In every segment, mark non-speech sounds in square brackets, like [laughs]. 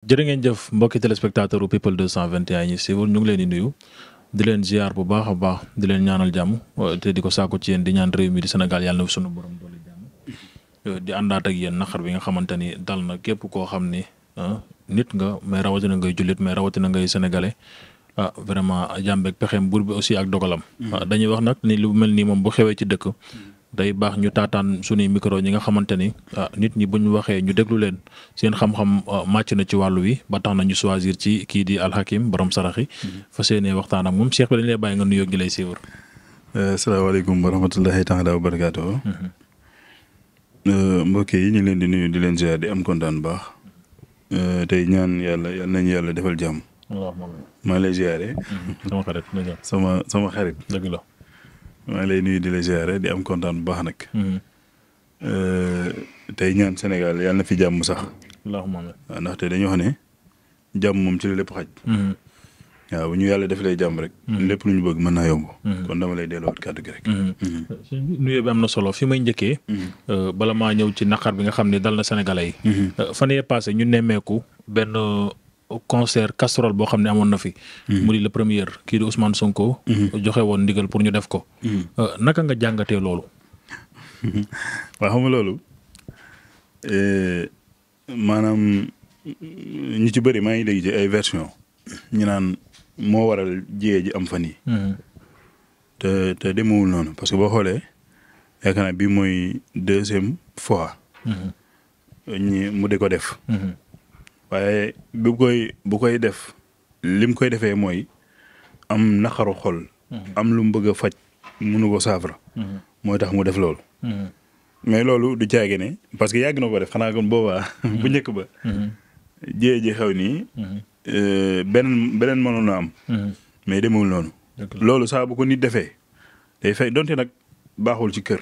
jërë ngeen jëf mbokki téléspectateur people 221 ñi siiwul ñu ngi leen di nuyu di leen ziar bu baax a baax di leen ñaanal jàmm euh, te di ko saako ci yéen di ñaan réew mi di Sénégal yàlla na sunu borom doole jàmm euh, di àndaat ak yéen naqar bi nga xamante ni dal na képp koo xam ni euh, nit nga mais rawatina ngay jullit mais rawatina ngay sénégalais ah vraiment jàmbeeg pexem buur bi aussi ak dogalam. Mm-hmm. Ah, dañuy wax nag ni lu mel nii moom bu xewee ci dëkk. Mm-hmm. day baax ñu taataan suñuy micro ñi nga xamante ni ah, nit ñi ñu waxee ñu déglu leen seen xam-xam ah, màcc na ci wàllu wi ba tax na ñu choisir ci kii di alxakim borom saraxi mm-hmm. fas yéenee waxtaan ak moom seex bi dañ lay bàyyi nga nuyoo ngi lay siiwar. asalaamaaleykum euh, wa rahmatulahi taala mm-hmm. euh, mbokk yi ñu leen di nuyu di leen ziar di am kontaan baax. Euh, tey ñaan yàlla yal nañu yàlla defal jàmm. waaw maa lay mm-hmm. sama xarit sama sama xarit maa lay nuyu di la ziare di am kontaan bu baax nag. Hmm. Euh, tey ñaan Sénégal yàlla na fi jàmm sax. alhamdulilah waaw ah, ndaxte dañoo wax ne jàmm moom ci la lépp xaj. Hmm. waaw bu ñu yàlla defalee jàmm rek. Hmm. lépp lu ñu bëgg mën naa yomb. kon dama lay delloo kàddu gi rek. nuyoo bi am na solo fi may njëkkee. Euh, bala maa ñëw ci naqar bi nga xam ne dal na Sénégalais yi. Euh, fan yee ñu nemmeeku benn concert casserole boo xam ne amoon na fi. Hmm. mu di la première kii di Ousmane Sonko. Hmm. joxe woon ndigal pour ñu def ko. Hmm. Euh, naka nga jàngatee loolu. [laughs] waaw xam loolu euh, maanaam ñu ci bëri maa ngi dégg ci ay version ñu naan moo waral jiyee ji am fan yi te te demewul noonu parce que boo xoolee yaakaar naa bii mooy deuxième fois. ñi mu di ko def. waaye bu koy bu koy def lim koy defee mooy am naqaru xol. Mhm. am lu mu bëgg faj mënu ko saafara. Mhm. mooy tax mu def loolu. Mhm. mais loolu du caage ne parce que yàgg na ko def xanaa kon boobaa. [laughs] bu njëkk ba. jiyee ji xew nii. Euh, beneen beneen mënoon na am. mais demewul noonu. loolu saa bu ko nit defee day fay donte nag baaxul ci kër.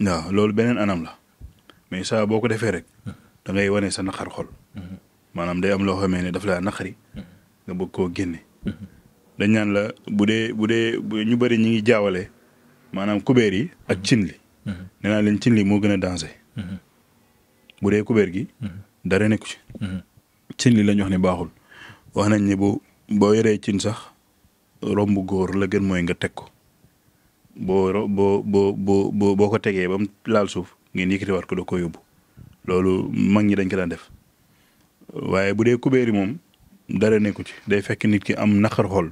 waaw loolu beneen anam la mais saa boo ko defee rek. da ngay wane sa naqar xol. maanaam day am loo xamee ne daf laa naqari. nga bëgg koo génne. dañ naan la bu dee bu dee bu ñu bëri ñu ngi jaawale maanaam kubéer yi ak cin li. nee naa leen cin li moo gën a danger. bu dee kubéer gi. dara nekku ci. cin li la ñu wax baaxul. wax nañ ne bu boo yoree cin sax romb góor la gën mooy nga teg ko boo boo boo boo boo ko tegee bam laal suuf ngeen yëkkatiwaat ko da ko yóbbu. loolu mag ñi dañ ko daan def waaye bu dee kubéer yi moom dara nekku ci day fekk nit ki am naqar xol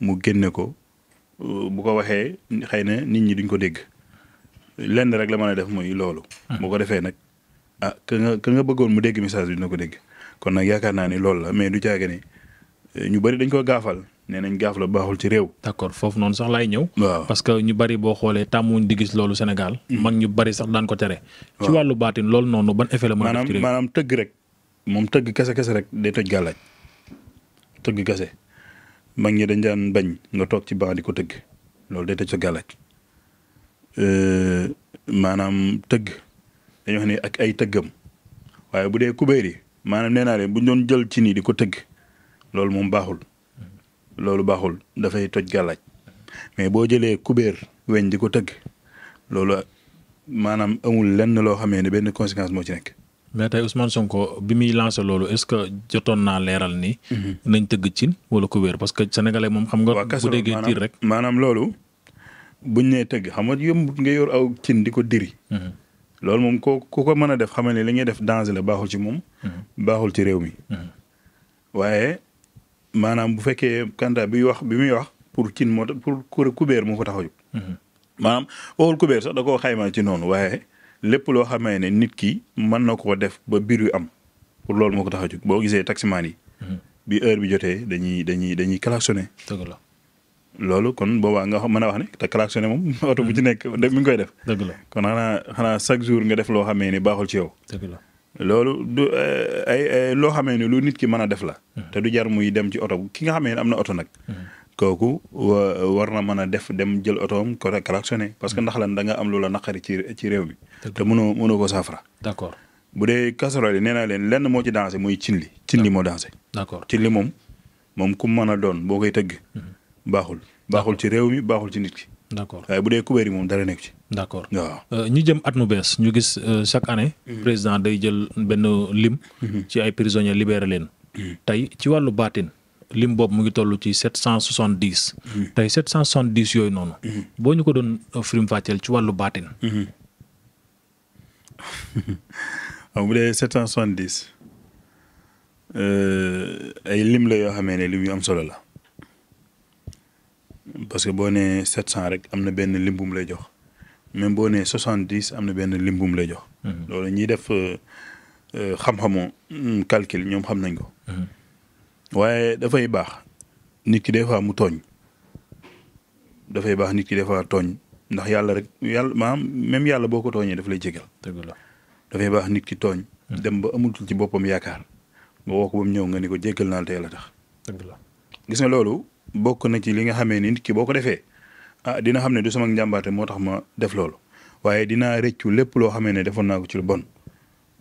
mu génne ko euh, bu ko waxee xëy na nit ñi duñ ko dégg lenn rek la mën a def mooy loolu. Hmm. bu ko defee nag ah ka nga ka nga bëggoon mu dégg message bi na ko dégg kon nag yaakaar naa ni loolu la mais du caage ni euh, ñu bari dañ ko gaafal. nee nañ gaaf la baaxul ci réew. d' foofu noonu sax lay ñëw. waaw parce que ñu bari boo xoolee tàmmuñ di gis loolu senegal mm-hmm. mag ñu bari sax daan ko tere. ci wàllu baatin loolu noonu ban effet la. mën a def ci réew maanaam tëgg rek moom tëgg kese kese rek day tëj gàllaaj tëgg kese mag ñi dañ daan bañ nga toog ci baax di ko tëgg loolu day tëj sa gàllaaj euh, maanaam tëgg dañoo xam ne ak ay tëggam waaye bu dee kubéer yi maanaam nee naa leen bu doon jël ci nii di ko tëgg loolu moom baaxul. loolu baaxul dafay toj gàllaaj mais boo jëlee kubéer weñ di ko tëgg loolu maanaam amul lenn loo xamee ne benn conséquence moo ci nekk. mais tey Ousmane Sonko muy lancé loolu est-ce que jotoon naa leeral ni. Mhm. nañ tëgg cin wala kubéer parce que sénégalais moom xam nga. bu déggee tiir rek maanaam loolu. buñ nee tëgg xam nga yëmbut nga yor aw cin di ko diri. Mhm. loolu moom ko ku ko mën a def xamal ne li ngay def danger la baaxul ci moom. Mhm. baaxul ci réew mi. waaye maanaam bu fekkee candidat bi wax bi muy wax pour cin moo pour kubéer moo ko tax a jóg mhm. maanaam waxul kubéer sax da koo xaymaa ci noonu waaye lépp loo xamee ne nit ki mën na koo def ba biir wi am pour loolu moo ko tax a jóg boo gisee taximaan yi. Mhm. bi heure bi jotee dañuy dañuy dañuy klaxonné. dëgg la loolu kon boobaa nga mën a wax ne te klaxonné moom. [laughs] oto bu ci mhm. nekk mi ngi koy def. dëgg la kon xanaa xanaa chaque jour nga def loo xamee ne baaxul ci yow. dëgg la. loolu du eh, ay eh, loo xamee ne lu nit ki mën a def la. Mm-hmm. te du jar muy dem ci oto ki nga xamee ne am na oto nag. Mm-hmm. kooku war na mën a def dem jël otoom ko klaxonné parce que mm-hmm. ndax la da nga am lu la naqari ci ci réew mi. te mënoo mënoo ko saafara. d'accord bu dee casserole yi nee naa leen lenn moo ci dansé muy cin li cin li moo dansé. d'accord cin li moom moom ku mën a doon boo koy tëgg. baaxul baaxul ci réew mi baaxul ci nit ki. d' accord waaye bu dee kubéer yi moom dara nekk ci. d' accord waaw euh, ñu jëm at mu bees ñu gis euh, chaque année. Mm-hmm. président day jël benn lim. Mm-hmm. ci ay prisonniers libéré leen. Mm-hmm. tey ci wàllu baatin lim boobu mu ngi toll ci sept cent soixante dix. tey sept cent soixante dix yooyu noonu. boo ñu ko doon euh, firim fàcceel ci wàllu baatin. [laughs] waaw bu dee sept cent soixante dix ay lim la yoo xamee ne lim yu am solo la. parce que boo nee 700 rek am na benn lim lay jox même boo nee 70 am na benn lim mu lay jox. Mhm. loolu ñuy def euh, euh, xam-xamu hmm, calcul ñoom xam nañ ko. Mhm. waaye dafay baax nit ki des fois mu tooñ dafay baax nit ki des fois tooñ ndax yàlla rek yàlla maanaam même yàlla boo ko tooñee daf lay jégal. dëgg la dafay baax nit ki tooñ. Mhm. dem ba amatul ci boppam yaakaar nga woo ko ñëw nga ni ko jéggal naa la te la tax. dëgg la gis nga loolu. bokk na ci li nga xamee ni nit ki boo ko defee ah dina xam ne du sama njàmbaate moo tax ma def loolu waaye dinaa reccu lépp loo xamee ne defoon naa ko ci lu bon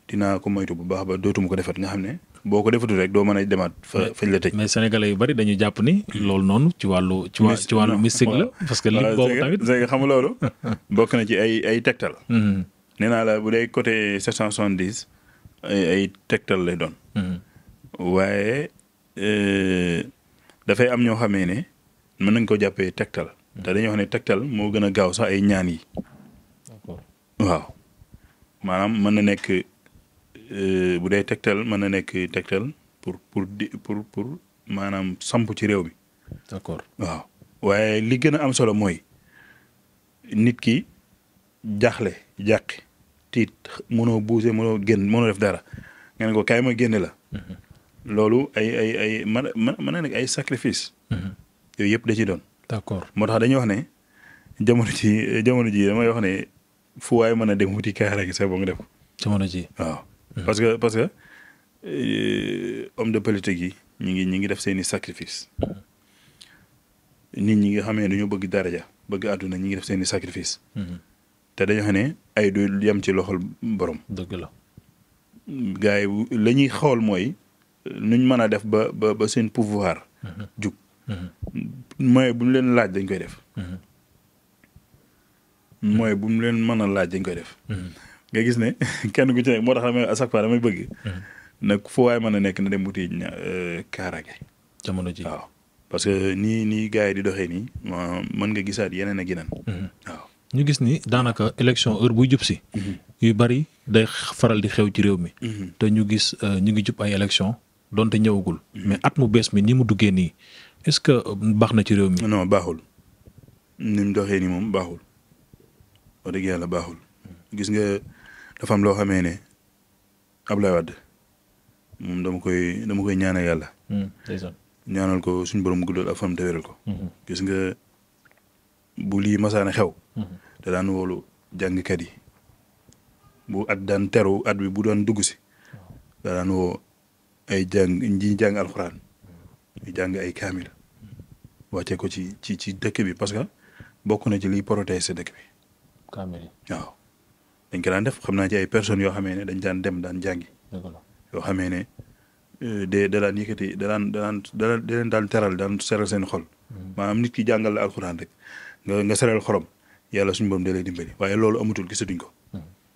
dinaa ko moytu bu baax ba dootuma ko defat nga xam ne boo ko defatul rek doo mën a demaat fa fañ la tëj mais sénégalais yu bari dañu jàpp ni loolu noonu ci wàllu ci wàllu ci wàllu mystique la parce que li boobu tamit c'est xam loolu [laughs] bokk na ci ay ay tegtal mm-hmm. nee naa bu dee côté sept cent soixante-dix ay tegtal lay doon mm-hmm. waaye euh, dafay am ñoo xamee ne mën nañ koo jàppee tegtal. te dañuy wax ne tegtal moo gën a gaaw sax ay ñaan yi. waaw maanaam mën na nekk euh, bu dee tegtal mën na nekk tegtal pour pour di pour pour maanaam samp ci réew mi. d'accord waaw waaye li gën a am solo mooy nit ki jaxle jàq tiit mënoo buuse mënoo génn mënoo def dara nga ne ko kaay ma génne la. Mhm. loolu ay ay ay mën mën na nekk ay sacrifice. Mhm. yooyu yëpp da ci doon. d'accord moo tax dañuy wax ne jamono ji jamono ji damay wax ne fu waay mën a dem wuti kaara gi sax ba nga def ko. jamono ji waaw. Mhm. parce que parce que euh, homme de politique yi ñu ngi ñu ngi def seen i sacrifice. Mhm. nit ñi nga xamee dañoo bëgg daraja bëgg àdduna ñu ngi def seen i sacrifice. te dañoo xam ne ay du yem ci loxol borom. dëgg la. gars yi la ñuy xool mooy. nuñ mën a def ba ba seen pouvoir. Mhm. jug mhm. mooy bu ñu leen laaj dañ koy def. Mhm. mooy bu ñu leen mën a laaj dañ koy def. nga gis ne [laughs] kenn ku ci nekk moo tax damay à chaque fois mën a nekk na dem wuti euh, kaaraange. jamono ji waaw parce que nii nii gars yi di doxee nii mën nga gisaat yeneen a yeneen. waaw ñu gis ni daanaka élection heure buy jub si. yu bari day faral di xew ci réew mi. te ñu gis euh, ñu ngi jub ay élection donte ñëwagul. mais at mu bees mi ni mu duggee nii est-ce que baax na ci réew mi. non baaxul ni mu doxee nii moom baaxul wax dëgg yàlla baaxul. gis nga dafam loo xamee ne Abdoulaye Wade moom dama koy dama koy yàlla. Hmm, ñaanal ko suñ borom guddal ak fam te wéral ko. Hmm. gis nga bu lii masaana xew. Hmm. da daan woolu jàngkat yi bu at daan teru at bi bu daan dugg si. da daan woo ay jàng ñi jàng alxuraan ñu jàng ay kaamil wàcce ko ci ci ci dëkk bi parce que bokk na ci li liy protéger dëkk bi. kaamil waaw ko daan def xam naa ci ay personnes yoo xamee ne dañ daan dem daan jàngi. yoo xamee ne euh, de da daan yëkkati daan da daan da den daan teral daan seral seen xol. Hmm. maanaam nit ki jàngal la alxuraan rek nga nga xorom yàlla suñu boom da lay dimbali waaye loolu amatul gisatuñ ko.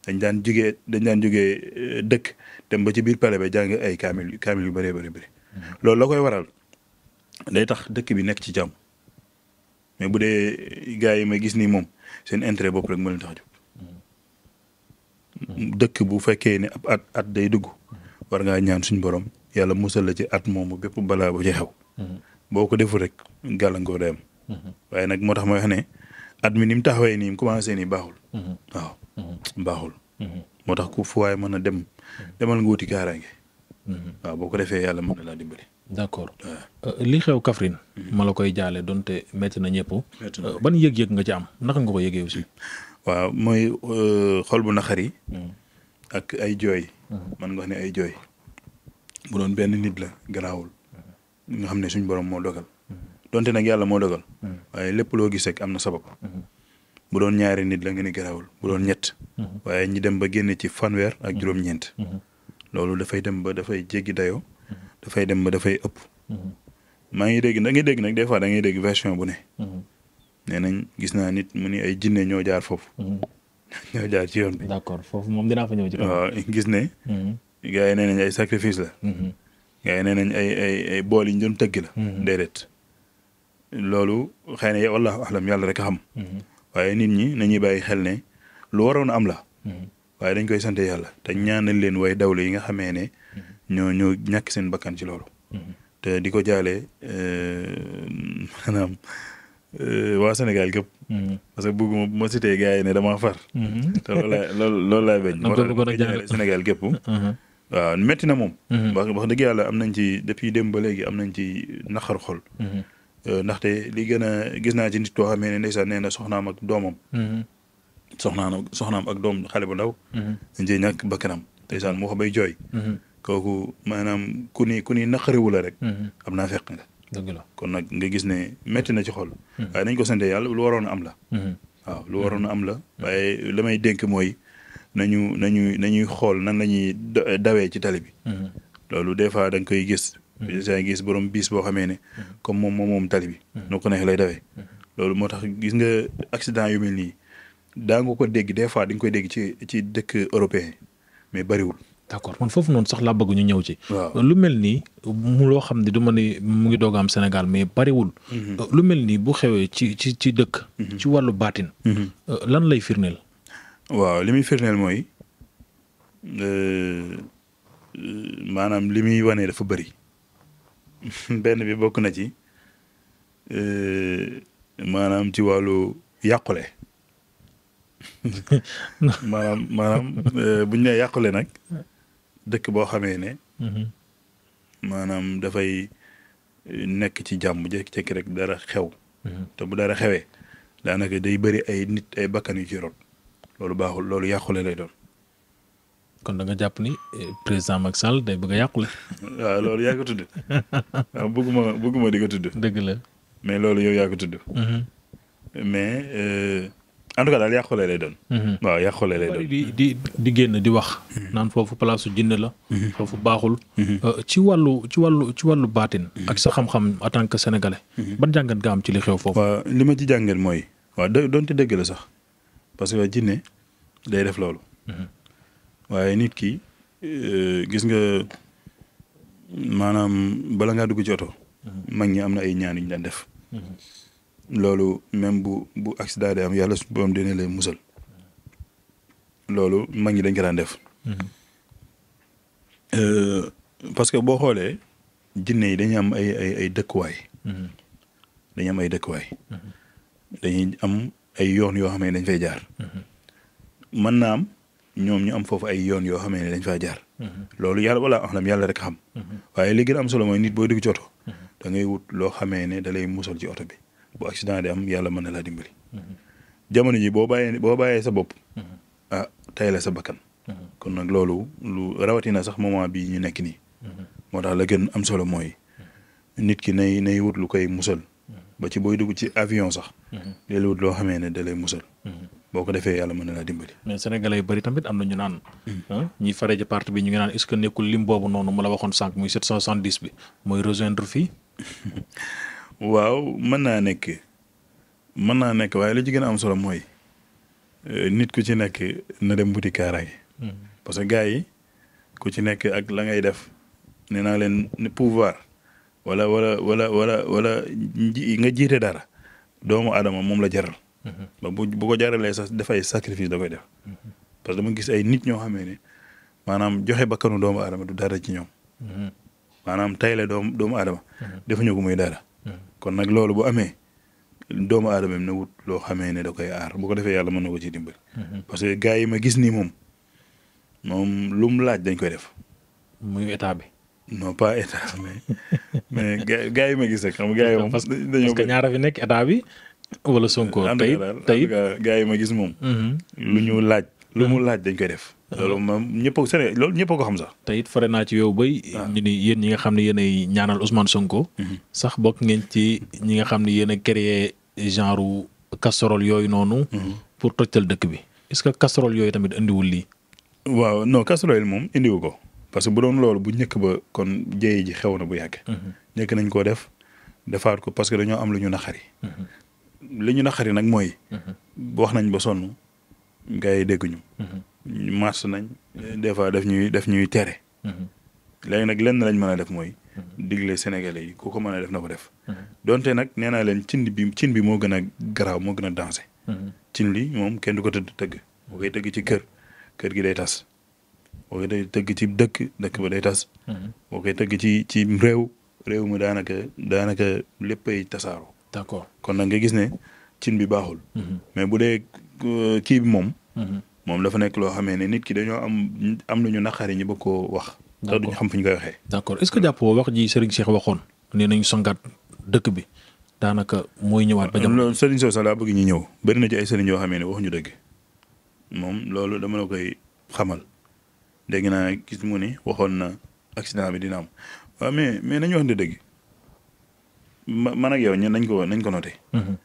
dañ daan jóge dañ daan jugee eh, dëkk dem ba ci biir pale ba jàng ay kaamil kaamil yu bëree bëri bëri mm-hmm. loolu la koy waral day tax dëkk bi nekk ci jàmm mais bu dee gars yi may gis nii moom seen intérêt bopp rek moo leen tax a jóg mm-hmm. Mm-hmm. dëkk bu fekkee ne ab at at day dugg war ngaa ñaan suñ borom yàlla musal la ci at moomu bépp balaa bu ci xew. boo ko deful rek gàllankoor day am. waaye nag moo tax ma wax ne at mi ni mu taxawee nii mu commencé nii baaxul. waaw mbaaxul. Mhm. moo tax ku fu waaye mën a dem demal nga wuti kaaraange. Mhm. boo ko defee yàlla mën na laa dimbali. d' accord euh, li xew Kaffrine. Mhm. ma la koy jaale donte métti na ñëpp. Euh, ban yëg-yëg nga ci am naka nga ko yëgee aussi. waaw mooy euh, xol bu naqari. ak ay jooy. man nga wax ne ay jooy. bu doon benn nit la garaawul. nga xam ne suñ borom moo dogal. donte nag yàlla moo dogal. waaye lépp loo gis rek am na sabab. bu doon ñaari nit la nga ni garaawul bu doon ñett. Mhm. waaye ñi dem ba génne ci fanweer ak mhm. juróom-ñeent. Mhm. loolu dafay dem ba dafay jéggi dayo dafay dem ba dafay ëpp. maa ngi dégg da ngay dégg nag des fois dangay dégg version bu ne. nee gis naa nit mu ni ay jinne ñoo jaar foofu. [laughs] ñoo jaar ci yoon bi. foofu moom dinaa fa gis ne. gars yi nee nañ ay sacrifice la. gars yi nee ay bool yi ñu doon tëgg la. déedéet loolu xëy na wallahu alam yàlla rek a xam. waaye nit ñi nañuy bàyyi xel ne lu waroon am la. Hmm. waaye dañ koy sant yàlla te ñaanal leen way dawle yi nga xamee ne. Hmm. ñoo ñoo ñàkk seen bakkan ci loolu. Hmm. te di ko jaale euh, maanaam euh, waa Sénégal gépp parce que bëgguma bu ma cité gars ne damaa far. [laughs] te loolu laa loolu laa bañ. moo tax di jaale Sénégal gépp [laughs] uh-huh. waaw métti na moom. wax wax dëgg yàlla am nañ ci depuis démb ba léegi am nañ ci naqar xol. Euh, ndaxte li gën a gis naa ci nit koo xamee ne ndeysaan nee na soxnaam ak doomam. Mm-hmm. soxnaam soxnaam ak doom xale bu ndaw. Mm-hmm. dañ cee ñàkk bakkanam ndeysaan moo xam bay jooy. Mm-hmm. kooku maanaam ku ni ku ni naqariwu la rek. am naa fekk nga. dëgg kon nag nga gis ne métti na ci xol. waaye nañ ko sante yàlla lu a la. waaw lu waroon a am la. waaye li may dénk mooy nañu nañu nañuy xool nan la ñuy dawee ci tali bi. loolu des fois da nga koy gis Mm-hmm. saa gis borom biis boo xamee ne mm-hmm. comme moom moom moom tali bi mm-hmm. nu ko neexee lay dawee loolu moo tax gis nga accident yu mel nii daa nga ko dégg des fois di koy dégg ci ci dëkk européen mais bariwul d'accord man foofu noonu sax laa bëgg ñëw ci lu mel nii loo xam ne du ma mu ngi doog am Sénégal mais bariwul mel nii bu xewee ci ci ci dëkk ci wàllu baatin euh, lan lay firndeel waaw li muy firndeel mooy euh, euh, maanaam li muy wanee dafa bari [laughs] benn bi bokk na ci euh, maanaam ci wàllu yàqule [laughs] maanaam maanaam euh, bu ñu nee yàqule nag dëkk boo xamee ne mhm. maanaam dafay euh, nekk ci jàmm jékki-jékki rek dara xew mhm. te bu dara xewee daanaka day bëri ay nit ay bakkan yu ci rot loolu baaxul loolu yàqule lay doon kon da nga jàpp ni eh, président Macky Sall day bëgg a yàqule. [laughs] waaw loolu yaa ko tudd [laughs] waaw bëgguma di ko tudd. dëgg la mais loolu yow yaa ko tudd. Mm-hmm. mais euh, en tout cas daal yàqule lay doon. Mm-hmm. waaw yàqule lay di di génn di wax. Mm-hmm. naan foofu palaasu jinn la. foofu baaxul. Euh, ci wàllu ci wàllu ci wàllu baatin. ak sa xam-xam en tant que sénégalais. ban jàngat nga am ci li xew foofu. waaw li ma ci jàngat mooy. waaw doonte dëgg la sax parce que jinne day def loolu. waaye nit ki euh, gis nga maanaam bala ngaa dugg ci oto. mag ñi am na ay ñaan yu ñu daan def. loolu même bu bu accident am yàlla su borom dina lay musal. loolu mag ñi dañ ko daan def. Euh, parce que boo xoolee jinne yi dañ am ay ay ay dëkkuwaay. dañuy am ay dëkkuwaay. dañuy am ay yoon yoo xam ne dañ fay jaar. mën naa am ñoom ñu am foofu ay yoon yoo xamee ne dañ a jaar. Mhm. loolu yàlla wala axlam yàlla rek xam. Mhm. waaye li gën a am solo mooy nit booy dugg ci oto. Mhm. da ngay wut loo xamee ne da lay musal ci oto bi bu accident di am yàlla mën na laa dimbali. jamono ji boo bàyyee boo bàyyee sa bopp. ah la sa bakkan. kon nag loolu lu rawatina sax moment bii ñu la gën am solo mooy. nit ki nay nay wut lu koy musal. ba ci booy dugg ci avion sax. day musal. boo ko defee yàlla mën na laa dimbali. mais sénégalais yu bëri tamit am na ñu naan. Hmm. Ah, ñi faree ci parti bi ñu ngi naan est-ce que nekkul lim boobu noonu mu la waxoon sànq muy 770 bi mooy rejoindre fii. [laughs] waaw mën naa nekk mën naa nekk waaye li jigéen am solo mooy eh, nit ku ci nekk na dem wuti kaaraay. Hmm. parce que gars yi ku ci nekk ak la ngay def nee naa leen pouvoir wala wala wala wala wala nga jiite dara doomu aadama moom la jaral. ba bu bu ko jaaralee sax dafay sacrifice da koy def parce que dama gis ay nit ñoo xamee ne maanaam joxe bakkanu doomu aadama du dara ci ñoom maanaam tayle doom doomu aadama defuñu ko muy dara kon nag loolu na wut loo ne da ko defee yàlla mën na ko ci dimbali parce que gars yi ma gis nii moom moom lu mu laaj dañ koy def muy état bi non pas état mais mais gars yi ma gis rek moom dañoo ñaara fi nekk état wala Sonko tey tey gaa yi ma gis moom. Mhm. lu ñu laaj lu mu mhm. laaj dañ koy def. Mhm. loolu moom ñëpp a Sénégal loolu ko xam sax. te fare naa ci yow bay. Ah. ñu ni yéen ñi nga xam ne yéen ay ñaanal Ousmane Sonko. sax bokk ngeen ci ñi nga xam ne yéen a créé genre casserole yooyu noonu. pour tojtal dëkk bi est-ce que casserole yooyu tamit indiwul lii. waaw non casserole moom indiwu ko parce que bu doon loolu bu njëkk ba kon jëye ji xew na bu yàgg. nekk nañ koo def defaat ko parce que dañoo am lu li ñu naqari nag mooy. Mhm. wax nañ ba sonn gars yi dégguñu. Mhm. mars nañ des fois daf ñuy daf ñuy tere. Mhm. léegi nag lenn lañ mën def mooy. digle Sénégalais yi ku ko mën a def na ko def. donte nag nee naa leen cin bi cin bi moo gën a garaaw moo gën a dansé. cin li moom kenn du ko tëdd tëgg. boo tëgg ci kër kër gi day tas. boo koy tëgg ci dëkk dëkk ba day tas. boo koy tëgg ci ci réew réew mi daanaka daanaka léppay tasaaroo. d' accord kon nag nga gis ne cin bi baaxul. Mhm. mais bu dee euh, kii bi moom. Mhm. moom dafa nekk loo xamee ne nit ki dañoo am am lu ñu naqari ñi bëgg koo wax. d' accord duñu xam fu ñu koy waxee. d' accord est ce que jàppoo wax ji Serigne Cheikh waxoon nee nañu sangaat dëkk bi daanaka mooy ñëwaat. ba jamono Serigne Sow sax laa bëgg ñu ñëw bëri na ci ay Serigne yoo xamee ne waxuñu dëgg moom loolu dama la koy xamal dégg naa gis mu ni waxoon na accident bi dina am waaw mais mais nañu wax dëgg. man ak yow nañ ko nañ ko noté. Mhm.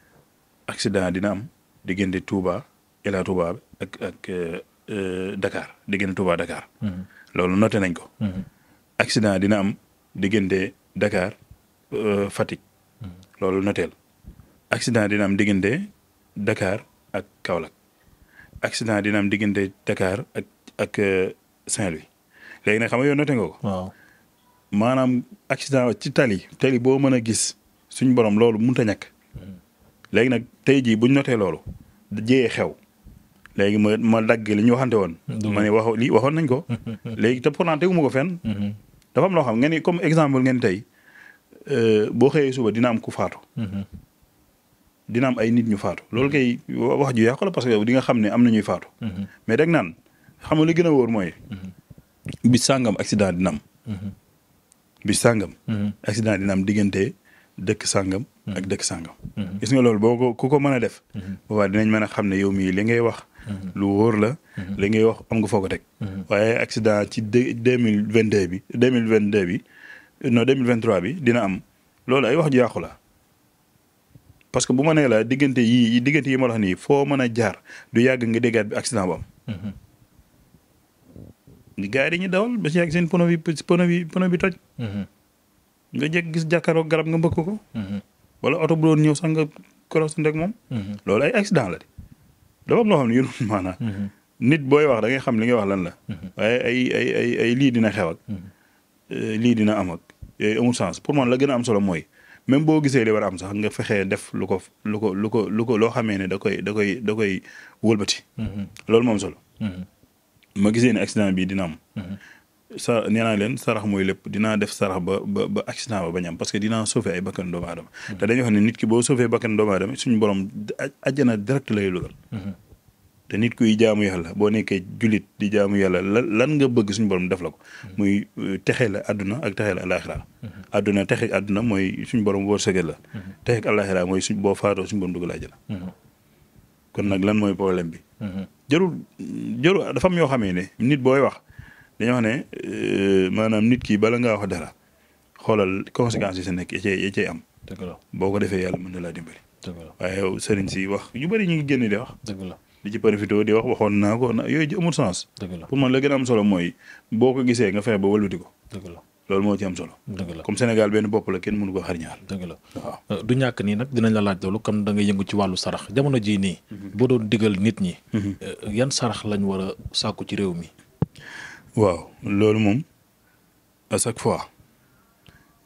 dina am diggante Touba tuuba Touba ak ak euh, euh, Dakar diggante Touba Dakar. Mhm. loolu noté nañ ko. Mhm. accident dina am diggante Dakar euh, Fatick. loolu noteel accident dina am diggante Dakar ak Kaolack accident dina am diggante Dakar ak ak saint xam nga yow noté ci tali tali boo mën gis. suñu borom loolu mun a ñàkk hmm. léegi nag tey jii bu ñu notee loolu jiyee xew léegi moo ma dagg li ñu waxante woon. ma ne wax lii waxoon nañ ko. ta [laughs] te pourtant teguma ko fen hmm. dafa am loo xam ngeen ni comme exemple ngeen tey euh, boo xëyee suba dina am ku faatu. Hmm. dina am ay nit ñu faatu loolu kay wax ju yàqu la parce que di nga xam ne am na ñuy faatu. mais rek naan xam nga li gën a wóor mooy. bis sàngam accident dina am. bis sàngam. accident dina am diggante. dëkk sàngam hmm. ak dëkk sàngam hmm. gis nga loolu boo ko ko mën a def hmm. boobaa dinañ mën a xam ne yow mii li ngay wax lu wóor la li ngay wax am nga foo ko teg waaye accident ci de mille vingt deux bi deux mille vingt deux bi non deux mille vingt trois bi dina am loolu ay wax ju yàqu la parce que bu ma nee la diggante yi diggante yi ma la nii foo mën a jaar du yàgg nga déggaat bi accident bu am gars yi dañuy dawal ba si yàgg seen pono bi toj nga jekk gis jàkkaaroo garab nga mbëkk ko. Mhm. wala oto bu doon ñëw sax nga cross ndeg moom. Mhm. loolu ay accident la de dafa am loo xam ne yëngu mhm. booy wax da xam li ngay wax lan la. waaye ay ay ay ay lii dina xew ak. Eh, lii dina am ak yooyu amul pour man la gën am solo mooy même boo gisee li a am sax nga fexee def lu ko lu lu ko lu ko loo xamee ne da koy da koy da koy wëlbati. loolu moom solo. ma gisee ne accident bii dina am. sa nee naa leen sarax mooy lépp dinaa def sarax ba ba ba accident ba bañ am parce que dinaa sauver ay bakkan doomu aadama hmm. te dañuy wax nit ki boo sauver bakkan doomu aadama hmm. te nit kuy jaamu yàlla boo nekkee jullit di jaamu yàlla lan lan nga bëgg suñu borom def la ko hmm. muy euh, texe la aduna ak texe la alaxira àdduna texe aduna mooy suñu borom wërsëgal la texe ak alaxira mooy suñ boo faatoo suñu borom dugg la jël kon nag lan mooy problème bi jarul jarul dafa am yoo xamee ne nit booy dañu wax ne euh, maanaam nit kii bala ngaa wax dara xoolal conséquences yi sa nekk ya cay am. dëgg la boo ko defee yàlla mën na laa dimbali. dëgg la waaye sëriñ si wax yu bari ñu ngi génn di wax. dëgg la di ci di wax waxoon naa ko yooyu amul sens. dëgg la pour man la gën am solo mooy boo ko gisee nga fexe ba wëlbati ko. dëgg la loolu moo ci am solo. dëgg la comme Sénégal benn bopp la kenn mënu ko xar ñaar. dëgg la waaw euh, du ñàkk nii nag dinañ la laaj loolu comme da nga yëngu ci wàllu sarax jamono jii nii. Mhm. boo doon digal nit ñi. Mhm. Euh, yan sarax lañu war a sàkku ci réew mi. waaw loolu moom à chaque fois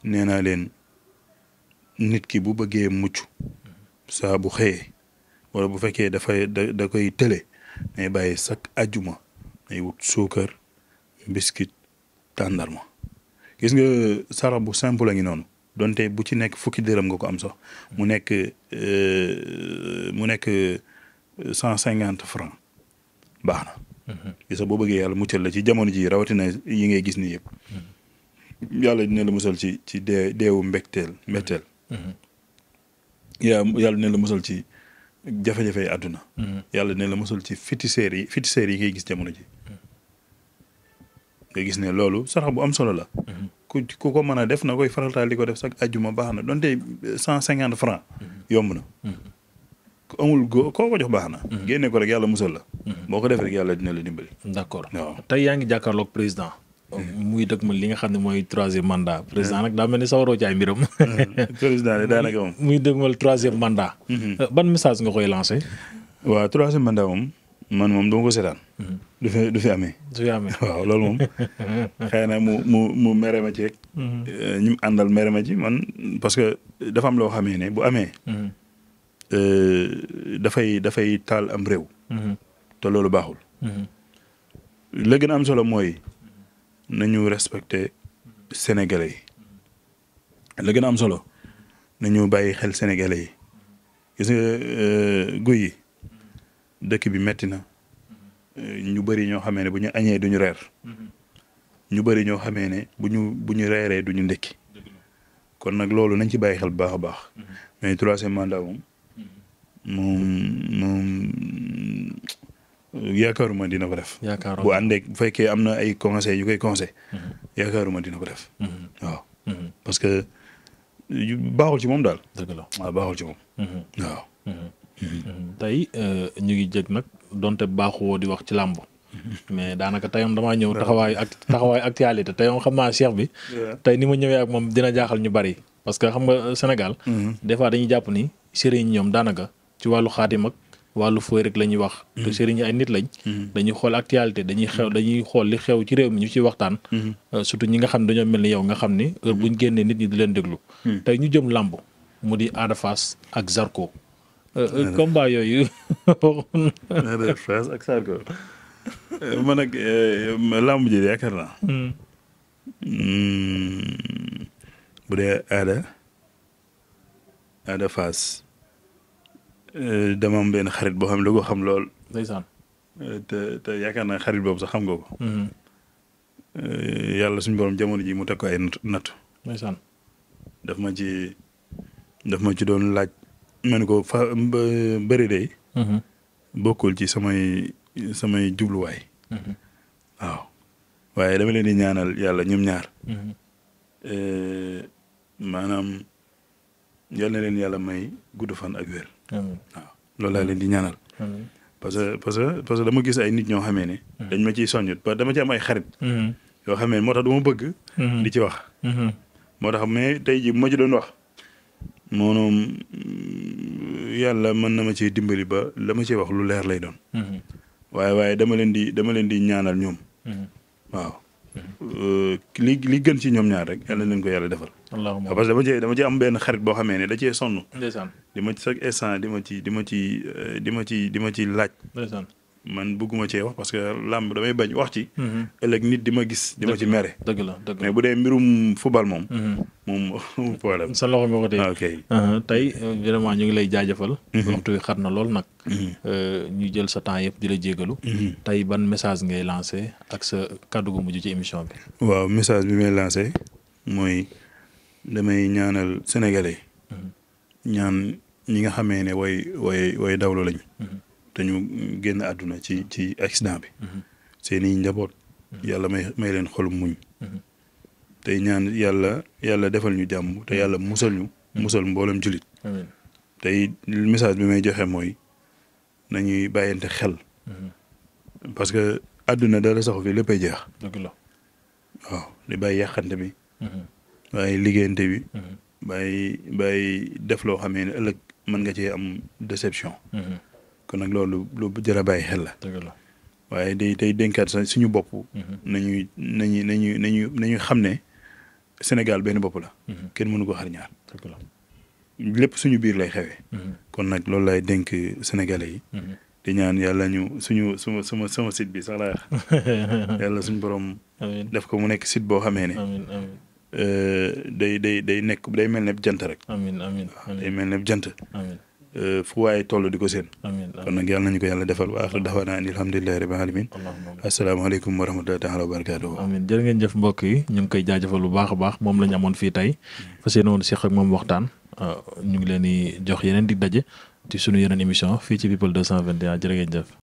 nee naa leen nit ki bu bëggee mucc saa bu xëyee wala bu fekkee dafay da da koy tële day bàyyi chaque ajuma day wut suukar biscuit tàndarma gis nga sarax bu simple la ngi noonu donte bu ci nekk fukki dërëm nga ko am sax mu nekk euh, mu nekk euh, cent cinquante franc baax na gisa boo bëggee yàlla muccal la ci jamono ji rawatina yi ngay gis nii yëpp yàlla dina la musal ci ci dee deewu mbégteel mbégteel yaa yàlla dina la musal ci jafe yi àdduna yàlla dina la musal ci féticheurs yi féticheurs yi ngay gis jamono ji nga gis ne loolu sarax bu am solo la ku ku ko mën a def na koy faraltaal di ko def sax ajjuma baax na donte cent cinquante franc yomb na amul góo ko jox baax na. Mhm. génne ko rek yàlla musal la. Mhm. boo ko defee rek yàlla dina la dimbali. d'accord waaw tey yaa ngi jàkkaarloog président. Mhm. muy dëkk ma li nga xam ne mooy troisième mandat. président nag daa mel ni sawaroo ci ay mbiram. président de daanaka moom. [laughs] muy dëkk ma troisième mandat. Euh, ban message nga koy lancé. waaw troisième mandat moom man moom dama ko seetaan. du fi du fi amee. du fi amee waaw loolu moom [laughs] xëy na mu mu mu ci rek. Euh, àndal mere ci man Euh, dafay dafay taal am réew. Mm-hmm. te loolu baaxul. Mm-hmm. la gën am solo mooy nañu respecter sénégalais yi la gën am solo nañu bàyyi xel sénégalais yi gis euh, guy dëkk bi metti na mm-hmm. ñu bëri ñoo xamee ne bu ñu añee duñu reer ñu bëri ñoo xamee ne bu ñu bu ñu reeree duñu ndékki kon nag loolu nañ ci bàyyi xel bu baax a baax mais troisième mandat moom moom yaakaaruma dina ko def. yaakaaruma bu àndee bu fekkee am na ay conseils yu koy conseil mhm. yaakaaruma dina ko def. Mhm. waaw mhm. parce que baaxul ci moom daal. dëgg la waaw baaxul ci moom. tey euh, ñu ngi jég nag donte baaxu baaxuwoo di wax ci làmb. mais daanaka teyoon damaa ñëw taxawaayu ak taxawaayu actualité tey xam naa Cheikh bi. tey ni ma ñëwee ak moom dina jaaxal ñu bari. parce que xam nga Sénégal. des dañuy jàpp ni sëriñ ñoom daanaka. ci wàllu xaatim mag wàllu fooy rek la ñuy wax. Mm-hmm. te sëriñ ay nit lañ. Mm-hmm. dañuy xool actualité dañuy xew mm-hmm. dañuy xool li xew ci réew mi ñu ci waxtaan. Euh, surtout ñi nga xam ne dañoo mel ni yow nga xam ni heure bu ñu génnee nit ñi di leen déglu. tey ñu jëm làmb mu di Ada fas ak Zarko. Euh, euh, combat yooyu. [laughs] Ada ak làmb ji yaakaar naa. Mm. Mm. bu dee Ada Ada Fass. Euh, dama am benn xarit boo xam ne ko xam lool. ndeysaan. Euh, te yaakaar naa xarit boobu sax xam nga ko. Mm-hmm. Euh, yàlla suñu borom jamono ji mu teg ko ay natt. ndeysaan. daf ma ci daf ma ci doon laaj. ma ne ko fa bari de. Mm-hmm. bokkul ci samay samay jubluwaay. Mm-hmm. waaw waaye dama leen di ñaanal yàlla ñoom ñaar. maanaam yal na leen yàlla may gudd fan ak wér. waaw loolu laa leen di ñaanal. parce que parce que parce que dama gis ay nit ñoo xamee ne. Hmm. dañ ma ciy soññ parce dama ci am ay xarit. Hmm. yoo xamee moo tax du ma bëgg. Hmm. di ci wax. moo tax mais tey jii moo ma ci doon wax. moonoom yàlla mën na ma ciy dimbali ba la ma ciy wax lu leer lay doon. waaye waaye dama leen di dama leen di ñaanal ñoom. waaw. li li gën ci ñoom ñaar rek yàlla leen ko yàlla defal. parce que dama cee am benn xarit boo xamee ne da cee sonn. ndeysaan di ma chaque instant di ma ci di ma ci euh, di ma ci di ma ci laaj. man bëgguma cee wax parce que làmb damay bañ wax ci. Mm-hmm. ëllëg nit di ma gis. di ma ci mere. dëgg la dëgg la mais bu dee mbirum football moom. Mm-hmm. moom [laughs] problème. sa loxo nga ko uh-huh. tey. ok euh, ngi lay jaajëfal. Mm-hmm. waxtu wi xat na lool nag. Euh, ñu jël sa di la jégalu. tey ban message ngay lancé ak sa kàddu gu mujj ci émission bi. waaw message bi may lancé mooy damay ñaanal sénégalais. ñaan. ñi nga xamee ne way way way dawlu lañ mhm. dañu génn àdduna ci ci accident bi mhm. seeni njaboot mhm. yàlla may may leen xolum muñ tey ñaan yàlla yàlla defal ñu jàmm te yàlla musal ñu musal mboolem julit tey message bi may joxe mooy na ñuy bàyyante xel parce que àdduna dara saxu fi léppay jeex waaw di bàyyi yàqante bi bàyyi liggéeyante bi bàyyi def loo xamee ne ëllëg man nga cee am déception. Mm-hmm. kon nag loolu lu jër a bàyyi xel la. waaye de tey dénkaat sa suñu bopp. nañuy mm-hmm. nañuy nañuy nañuy nañuy xam ne Sénégal benn bopp la. Mm-hmm. kenn mënu ko xar ñaar. lépp suñu biir lay xewee. kon nag loolu lay dénk sénégalais yi. di ñaan yàlla ñu suñu suma suma sama site bi sax laa [laughs] yàlla suñu borom. def ko mu nekk site boo xamee ne. Euh, day day day nekk day mel ne jant rek. amiin amiin day mel ne jant. amiin euh, fu waaye toll di ko seen. amiin kon nag yàlla nañu ko yàlla defal wa aaxiru da'waanaa ani alhamdulillahi rabbil aalamiin. asalaamaaleykum wa rahmatullahi wa barakaatuh. amiin ngeen jëf mbokk yi ñu ngi koy jaajëfal bu baax a baax moom la ñu amoon fii tey fas yéene woon Cheikh ak moom waxtaan euh, ñu ngi leen di jox yeneen di daje ci sunu yeneen émission fii ci people 221 jërë ngeen jëf.